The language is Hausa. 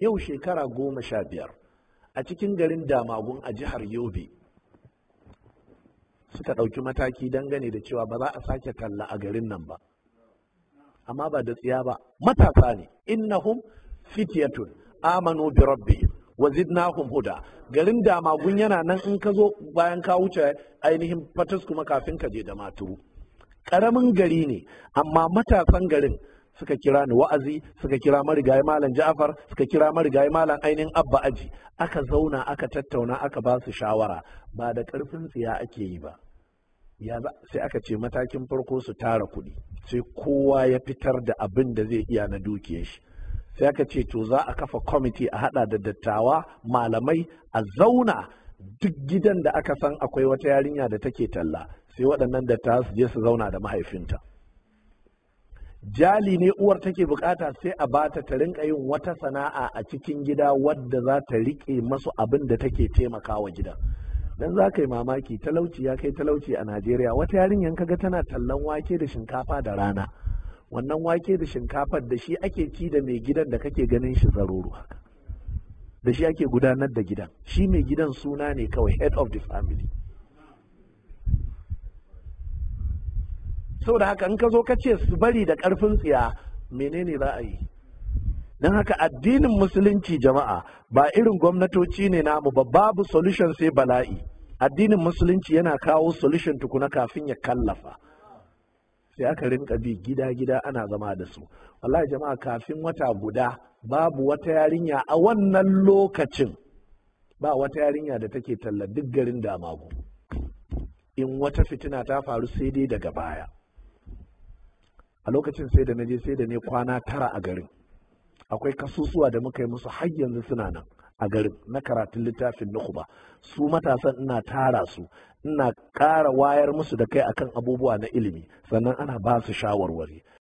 yau shekara goma sha biyar a cikin garin damagun a jihar yobe suka ɗauki mataki dangane da cewa ba za a sake kalla a garin nan ba amma ba da tsiya ba matasa ne innahum fityatun amanu bi rabbi! wa zidnahum huda garin damagun yana nan in ka zo bayan ka wuce ainihin fatas kuma kafin ka je da maturu ƙaramin gari ne amma matasan garin suka kira ni wa'azi suka kira marigayi malam ja'far suka kira marigayi malam ainihin abba aji aka zauna aka tattauna aka ba su shawara ba da ƙarfin tsiya ake yi ba ya sai aka ce matakin farko su tara kuɗi sai kowa ya fitar da abin da zai iya na dukiyar shi sai aka ce to za a kafa kwamiti a hada da dattawa malamai a zauna duk gidan da aka san akwai wata yarinya da take talla sai waɗannan dattawa su je su zauna da mahaifinta jali ne uwar take bukata sai a bata ta rinka yin wata sana'a a cikin gida wadda za ta rike masu abin da take taimakawa gidan dan za ka yi mamaki talauci ya kai talauci a najeriya wata yarinyar kaga tana tallan wake da shinkafa da rana wannan wake da shinkafar da shi ake ci da mai gidan da kake ganin shi zaruru haka da shi ake gudanar da gidan shi mai gidan suna ne kawai head of the family saboda haka in ka zo ka ce su bari da ƙarfin tsiya menene za a yi don haka addinin musulunci jama'a ba irin gwamnatoci ne namu ba babu solution sai bala'i addinin musulunci yana kawo solution tukuna kafin ya kallafa sai aka rinka bi gida-gida ana zama da su wallahi jama'a kafin wata guda babu wata yarinya a wannan lokacin ba wata yarinya da take talla duk garin damagu in wata fitina ta faru sai dai daga baya a lokacin sai da na je sai da ne kwana tara a garin akwai kasusuwa da muka yi musu har yanzu suna nan a garin na karatun littafin nukuba su matasan ina tara su ina ƙara wayar musu da kai akan abubuwa na ilimi sannan ana ba su shawarwari